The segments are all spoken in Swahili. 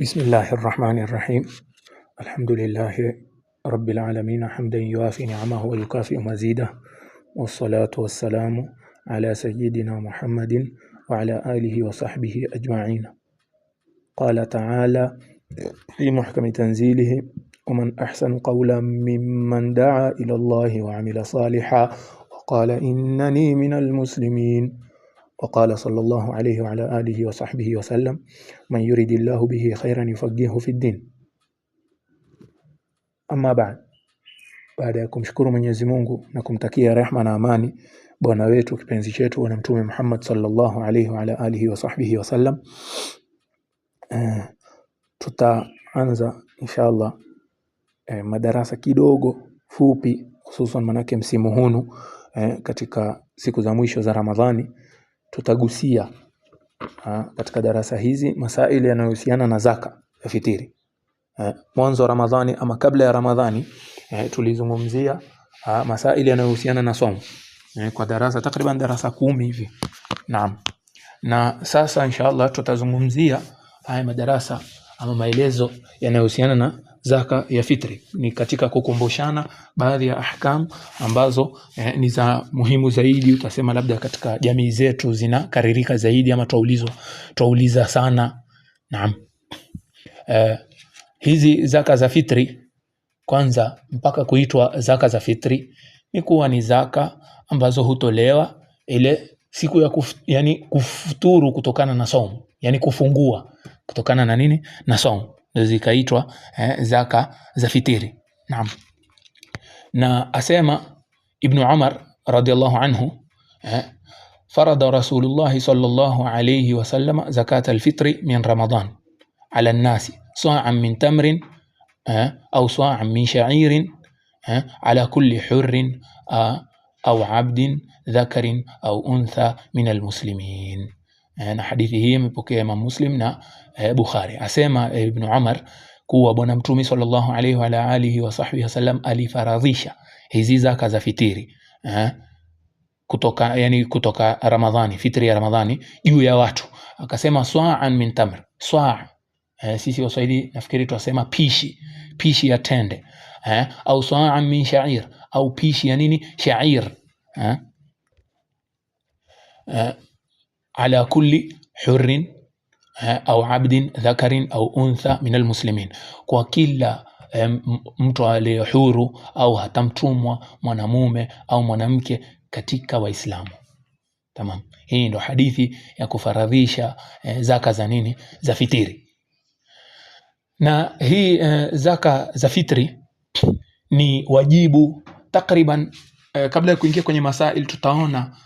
بسم الله الرحمن الرحيم الحمد لله رب العالمين حمدا يوافي نعمه ويكافئ مزيده والصلاة والسلام على سيدنا محمد وعلى آله وصحبه أجمعين قال تعالى في محكم تنزيله ومن أحسن قولا ممن دعا إلى الله وعمل صالحا وقال إنني من المسلمين وقال صلى الله عليه وعلى آله وصحبه وسلم من يريد الله به خيرا يفقهه في الدين Amma baad, baada ya kumshukuru Mwenyezi Mungu na kumtakia rehma na amani bwana wetu kipenzi chetu na Mtume Muhammad sallallahu alaihi wa ala alihi wa sahbihi wasallam, e, eh, tutaanza inshallah e, madarasa kidogo fupi, hususan manake msimu hunu e, eh, katika siku za mwisho za Ramadhani tutagusia ha, katika darasa hizi masaili yanayohusiana na zaka ya fitiri eh, mwanzo wa Ramadhani ama kabla ya Ramadhani eh, tulizungumzia ha, masaili yanayohusiana na somo eh, kwa darasa takriban darasa kumi hivi. Naam. Na sasa insha Allah tutazungumzia haya madarasa ama maelezo yanayohusiana na zaka ya fitri. Ni katika kukumbushana baadhi ya ahkam ambazo eh, ni za muhimu zaidi, utasema labda katika jamii zetu zinakaririka zaidi ama twaulizwa twauliza sana. Naam. Eh, hizi zaka za fitri kwanza, mpaka kuitwa zaka za fitri ni kuwa ni zaka ambazo hutolewa ile siku ya kuf, yani kufuturu kutokana na somo, yani kufungua kutokana na nini na somo. zikaitwa eh, zaka za fitiri naam na asema ibnu umar radiallahu anhu eh, farada rasulullahi salllahu alaihi wasalama zakat alfitri min ramadan ala nnasi saan min tamrin eh, au saan min shairin eh, ala kulli hurrin eh, au abdin dhakarin au untha min almuslimin Eh, na hadithi hii imepokea Imam Muslim na eh, Bukhari. Asema eh, Ibn Umar kuwa Bwana Mtume sallallahu alaihi wa alihi wa sahbihi wasallam alifaradhisha hizi zaka za fitiri eh, kutoka yani kutoka Ramadhani, fitri ya Ramadhani juu ya watu, akasema swa'an min tamr swa eh, sisi Waswahili nafikiri tuasema pishi pishi ya tende eh, au swa'an min sha'ir au pishi ya nini sha'ir eh, eh على kulli hurin eh, au abdin dhakarin au untha min almuslimin, kwa kila eh, mtu aliye huru au hata mtumwa mwanamume au mwanamke katika Waislamu. Tamam, hii ndo hadithi ya kufaradhisha eh, zaka za nini za fitiri. Na hii eh, zaka za fitri ni wajibu takriban. Eh, kabla ya kuingia kwenye masail tutaona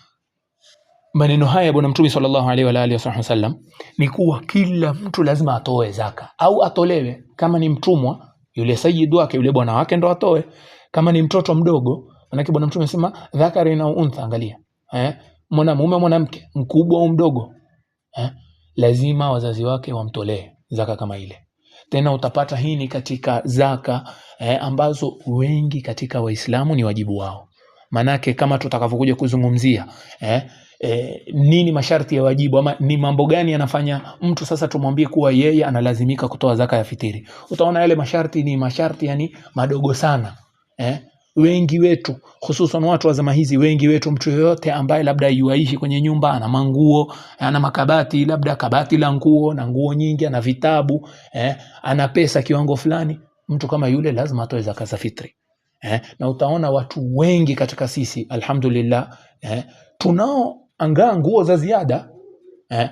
maneno haya bwana mtume sallallahu alaihi wa alihi wasallam ni kuwa kila mtu lazima atoe zaka au atolewe kama ni mtumwa yule sayyid wake yule bwana wake ndo atoe kama ni mtoto mdogo manake bwana mtume anasema dhakari na untha angalia eh mwanamume mwanamke mkubwa au mdogo eh? lazima wazazi wake wamtolee zaka kama ile tena utapata hii ni katika zaka eh, ambazo wengi katika waislamu ni wajibu wao manake kama tutakavyokuja kuzungumzia eh, eh, nini masharti ya wajibu ama ni mambo gani yanafanya mtu sasa tumwambie kuwa yeye analazimika kutoa zaka ya fitiri. Utaona yale masharti ni masharti yani madogo sana eh? Wengi wetu hususan watu wa zama hizi, wengi wetu, mtu yoyote ambaye labda yuaishi kwenye nyumba, ana manguo, ana makabati, labda kabati la nguo na nguo nyingi, ana vitabu eh, ana pesa kiwango fulani, mtu kama yule lazima atoe zaka za fitri eh, na utaona watu wengi katika sisi alhamdulillah eh, tunao angaa nguo za ziada eh?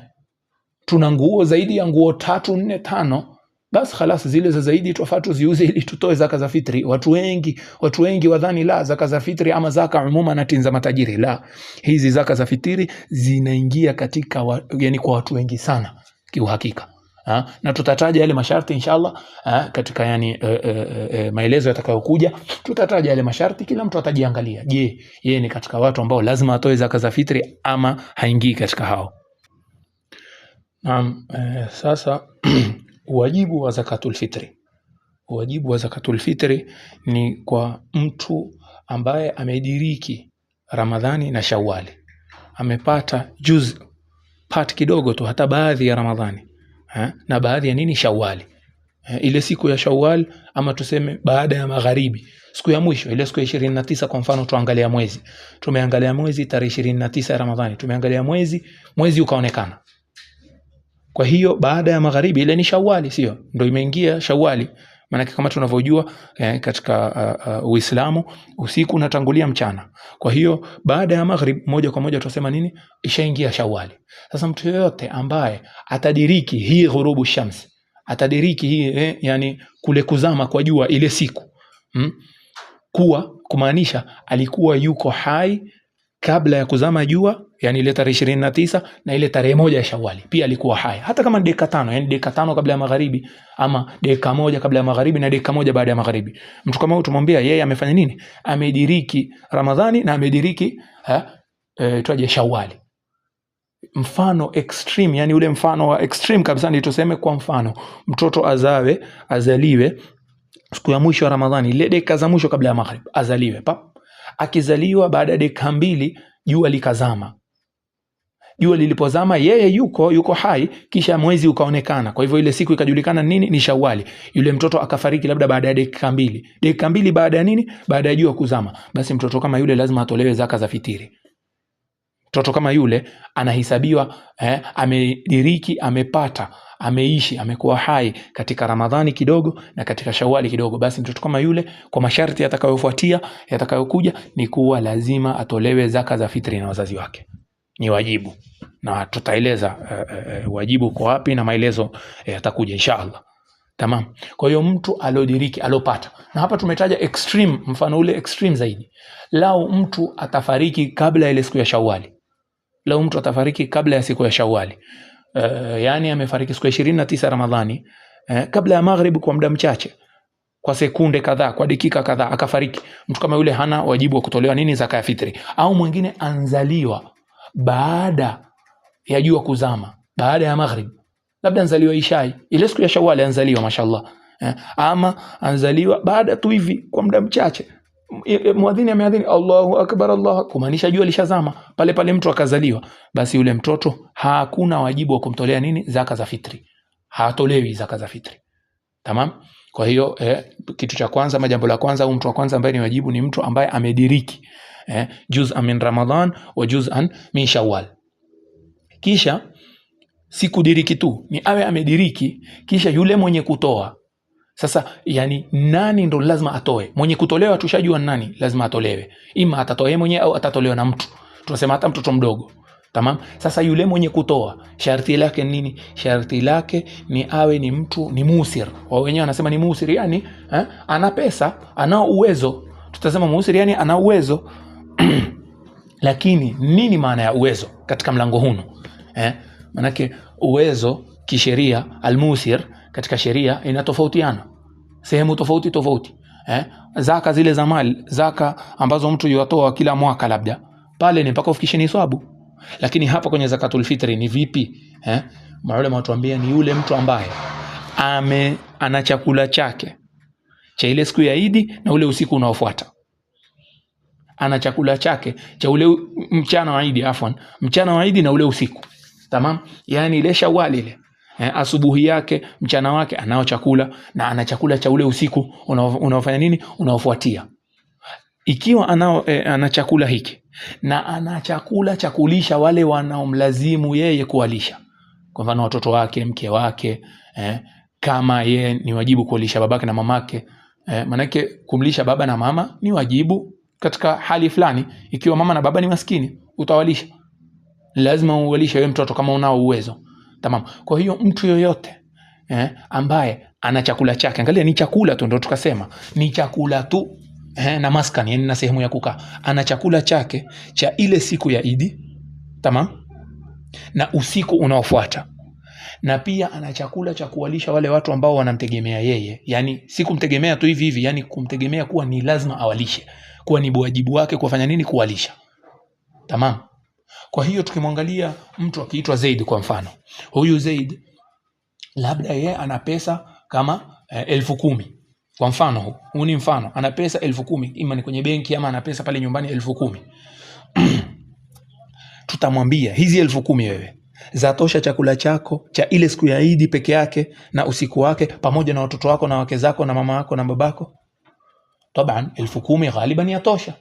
tuna nguo zaidi ya nguo tatu nne tano basi khalas zile za zaidi twafaa tuziuze ili tutoe zaka za fitri watu wengi watu wengi wadhani la zaka za fitri ama zaka umuma na tinza matajiri la hizi zaka za fitiri zinaingia katika wa, yani kwa watu wengi sana kiuhakika Ha? Ah, na tutataja yale masharti inshallah ha? Ah, katika yani uh, uh, uh, maelezo yatakayokuja tutataja yale masharti, kila mtu atajiangalia, je, yeye ni katika watu ambao lazima atoe zaka za fitri ama haingii katika hao. Naam, eh, sasa wajibu wa zakatul fitri, wajibu wa zakatul fitri ni kwa mtu ambaye amediriki Ramadhani na Shawali, amepata juz part kidogo tu, hata baadhi ya Ramadhani ha? na baadhi ya nini Shawali ha? ile siku ya Shawal ama tuseme baada ya magharibi siku ya mwisho ile siku ya ishirini na tisa kwa mfano tuangalia mwezi tumeangalia mwezi tarehe ishirini na tisa ya Ramadhani tumeangalia mwezi mwezi ukaonekana kwa hiyo baada ya magharibi ile ni Shawali sio ndio imeingia Shawali Maanake kama tunavyojua eh, katika uh, uh, Uislamu usiku unatangulia mchana. Kwa hiyo baada ya maghrib moja kwa moja tunasema nini? Ishaingia Shawali. Sasa mtu yoyote ambaye atadiriki hii ghurubu shamsi, atadiriki hii eh, yani kule kuzama kwa jua ile siku hmm? kuwa kumaanisha alikuwa yuko hai kabla ya kuzama jua yani ile tarehe ishirini na tisa na ile tarehe moja ya Shawali pia alikuwa hai, hata kama ni dakika tano, yani dakika tano kabla ya magharibi ama dakika moja kabla ya magharibi na dakika moja baada ya magharibi. Mtu kama huyu tumwambia yeye amefanya nini? Amediriki Ramadhani na amediriki e, eh, eh, tuaje Shawali. Mfano extreme, yani ule mfano wa extreme kabisa, ndio tuseme kwa mfano mtoto azawe azaliwe siku ya mwisho ya Ramadhani, ile dakika za mwisho kabla ya magharibi, azaliwe pap, akizaliwa baada ya dakika mbili jua likazama jua lilipozama yeye yuko yuko hai, kisha mwezi ukaonekana. Kwa hivyo ile siku ikajulikana nini ni Shawali. Yule mtoto akafariki labda baada ya dakika mbili, dakika mbili baada ya nini? Baada ya jua kuzama. Basi mtoto kama yule lazima atolewe zaka za fitiri. Mtoto kama yule anahisabiwa eh, amediriki, amepata ameishi amekuwa hai katika Ramadhani kidogo na katika Shawali kidogo. Basi mtoto kama yule, kwa masharti yatakayofuatia yatakayokuja, ni kuwa lazima atolewe zaka za fitri na wazazi wake ni wajibu na tutaeleza uh, uh, wajibu uko wapi na maelezo yatakuja uh, inshallah. Tamam. Kwa hiyo mtu aliodiriki alopata, na hapa tumetaja extreme, mfano ule extreme zaidi. Lau mtu atafariki kabla ile siku ya Shawali, lau mtu atafariki kabla ya siku ya Shawali uh, yani amefariki siku ya ishirini na tisa Ramadhani uh, kabla ya maghrib kwa muda mchache kwa sekunde kadhaa, kwa dakika kadhaa akafariki, mtu kama yule hana wajibu wa kutolewa nini zaka ya fitri. Au mwingine anzaliwa baada ya jua kuzama baada ya maghrib labda anzaliwa ishai ile siku ya shawal anzaliwa mashallah eh, ama anzaliwa baada tu hivi kwa muda mchache mwadhini ameadhini allahu akbar allah kumaanisha jua lishazama pale pale mtu akazaliwa basi yule mtoto hakuna wajibu wa kumtolea nini zaka za fitri hatolewi zaka za fitri tamam kwa hiyo eh, kitu cha kwanza majambo la kwanza au mtu wa kwanza ambaye ni wajibu ni mtu ambaye amediriki eh, juz'an min ramadan wa juz'an min shawal. Kisha si kudiriki tu, ni awe amediriki, kisha yule mwenye kutoa sasa yani, nani ndo lazima atoe? Mwenye kutolewa tushajua nani lazima atolewe, ima atatoe mwenye au atatolewa na mtu, tunasema hata mtoto mdogo. Tamam. Sasa yule mwenye kutoa sharti lake nini? Sharti lake ni awe ni mtu ni musir, wa wenyewe anasema ni musir, yani eh, ana pesa, ana uwezo, tutasema musir, yani ana uwezo lakini nini maana ya uwezo katika mlango huno eh? manake uwezo kisheria almusir katika sheria inatofautiana sehemu tofauti tofauti eh? zaka zile za mali zaka ambazo mtu yuatoa kila mwaka labda pale ni mpaka ufikishe swabu lakini hapa kwenye zakatulfitri ni vipi eh? maulama watuambia ni yule mtu ambaye ame ana chakula chake cha ile siku ya idi na ule usiku unaofuata ana chakula chake cha ule mchana wa Idi, afwan, mchana wa Idi na ule usiku. Tamam, yani ile Shawali ile eh, asubuhi yake mchana wake anao chakula na ana chakula cha ule usiku unaofanya nini, unaofuatia. Ikiwa anao, eh, ana chakula hiki na ana chakula cha kulisha wale wanaomlazimu yeye kuwalisha, kwa mfano watoto wake, mke wake eh, kama ye ni wajibu kuwalisha babake na mamake eh, manake kumlisha baba na mama ni wajibu katika hali fulani ikiwa mama na baba ni maskini utawalisha lazima uwalishe wewe mtoto kama unao uwezo tamam kwa hiyo mtu yoyote eh, ambaye ana chakula chake angalia ni chakula tu ndo tukasema ni chakula tu eh, na maskani yani na sehemu ya kukaa ana chakula chake cha ile siku ya idi tamam na usiku unaofuata na pia ana chakula cha kuwalisha wale watu ambao wanamtegemea yeye yani si kumtegemea tu hivi hivi yani kumtegemea kuwa ni lazima awalishe kuwa ni wajibu wake kuwafanya nini kuwalisha tamam kwa hiyo tukimwangalia mtu akiitwa zaid kwa mfano huyu zaid labda yeye ana pesa kama eh, elfu kumi kwa mfano huu ni mfano ana pesa elfu kumi ima ni kwenye benki ama ana pesa pale nyumbani elfu kumi tutamwambia hizi elfu kumi wewe zatosha chakula chako cha ile siku ya Idi peke yake na usiku wake pamoja na watoto wako na wake zako na mama yako na babako. Taban elfu kumi ghaliban yatosha.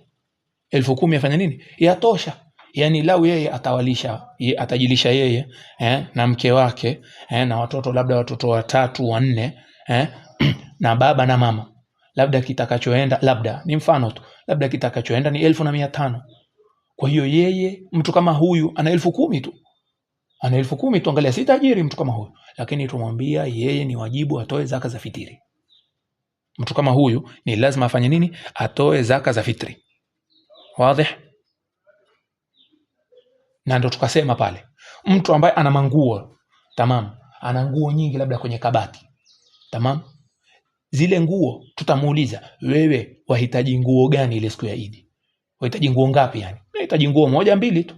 Elfu kumi yafanya nini? Yatosha. Yani lau yeye atawalisha ye, atajilisha yeye eh, na mke wake eh, na watoto labda watoto watatu wanne eh, na baba na mama, labda kitakachoenda, labda ni mfano tu, labda kitakachoenda ni elfu na mia tano. Kwa hiyo yeye mtu kama huyu ana elfu kumi tu ana elfu kumi tuangalia, si tajiri mtu kama huyu, lakini tumwambia yeye ni wajibu atoe zaka za fitiri. Mtu kama huyu ni lazima afanye nini? Atoe zaka za fitri. Wazi? Na ndo tukasema pale, mtu ambaye ana manguo tamam, ana nguo nyingi, labda kwenye kabati tamam, zile nguo tutamuuliza, wewe wahitaji nguo gani ile siku ya Idi? Wahitaji nguo ngapi? Yani nahitaji nguo moja mbili tu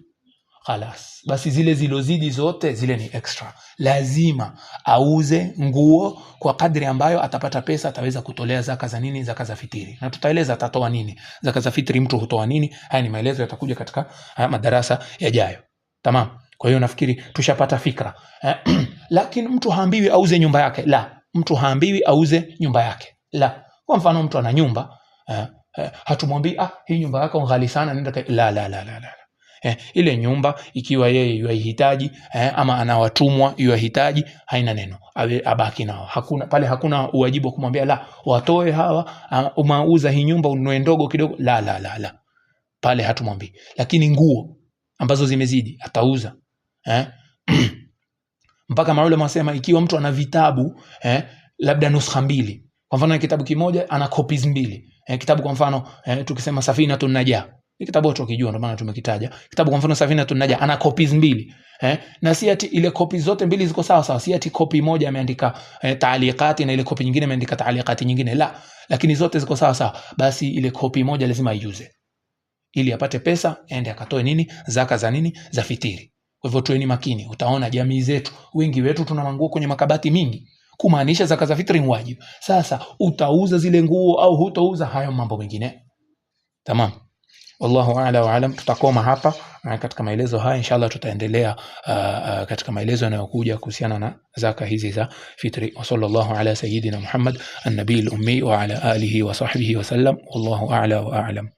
khalas basi zile zilozidi zote zile ni extra lazima auze nguo kwa kadri ambayo atapata pesa ataweza kutolea zaka za nini zaka za fitiri na tutaeleza atatoa nini zaka za fitiri mtu hutoa nini haya ni maelezo yatakuja katika eh, madarasa yajayo tamam kwa hiyo nafikiri tushapata fikra eh, lakini mtu haambiwi auze nyumba yake la mtu haambiwi auze nyumba yake la kwa mfano mtu ana nyumba eh, hatumwambii ah, hii nyumba yako ghali sana nenda la la la la, la eh, ile nyumba ikiwa yeye yuahitaji eh, ama anawatumwa yuahitaji, haina neno, abaki nao. Hakuna pale, hakuna uwajibu wa kumwambia la, watoe hawa, umauza hii nyumba ununue ndogo kidogo, la la la la, pale hatumwambii. Lakini nguo ambazo zimezidi atauza eh? mpaka maulama wasema ikiwa mtu ana vitabu eh, labda nuskha mbili kwa mfano kitabu kimoja ana copies mbili eh, kitabu kwa mfano eh, tukisema safina tunajaa ni kitabu watu wakijua, ndio maana tumekitaja. Kitabu kwa mfano Safina tunaja ana copies mbili eh? na si ati ile copy zote mbili ziko sawa sawa, si ati copy moja ameandika eh, taaliqati na ile copy nyingine ameandika taaliqati nyingine, la, lakini zote ziko sawa sawa. Basi ile copy moja lazima iuze ili apate pesa, aende akatoe nini, zaka za nini, za fitiri. Kwa hivyo tueni makini, utaona jamii zetu wengi wetu tuna manguo kwenye makabati mingi kumaanisha zaka za fitiri ni wajibu. Sasa utauza zile nguo au hutouza, hayo mambo mengine. Tamam. الله أعلى وعلم تتقوى محبة كتك ما يلزو هاي إن شاء الله تتعندليها كتك ما أنا وكوجة كسيانا زاكا هزي زا وصلى الله على سيدنا محمد النبي الأمي وعلى آله وصحبه وسلم والله أعلى وأعلم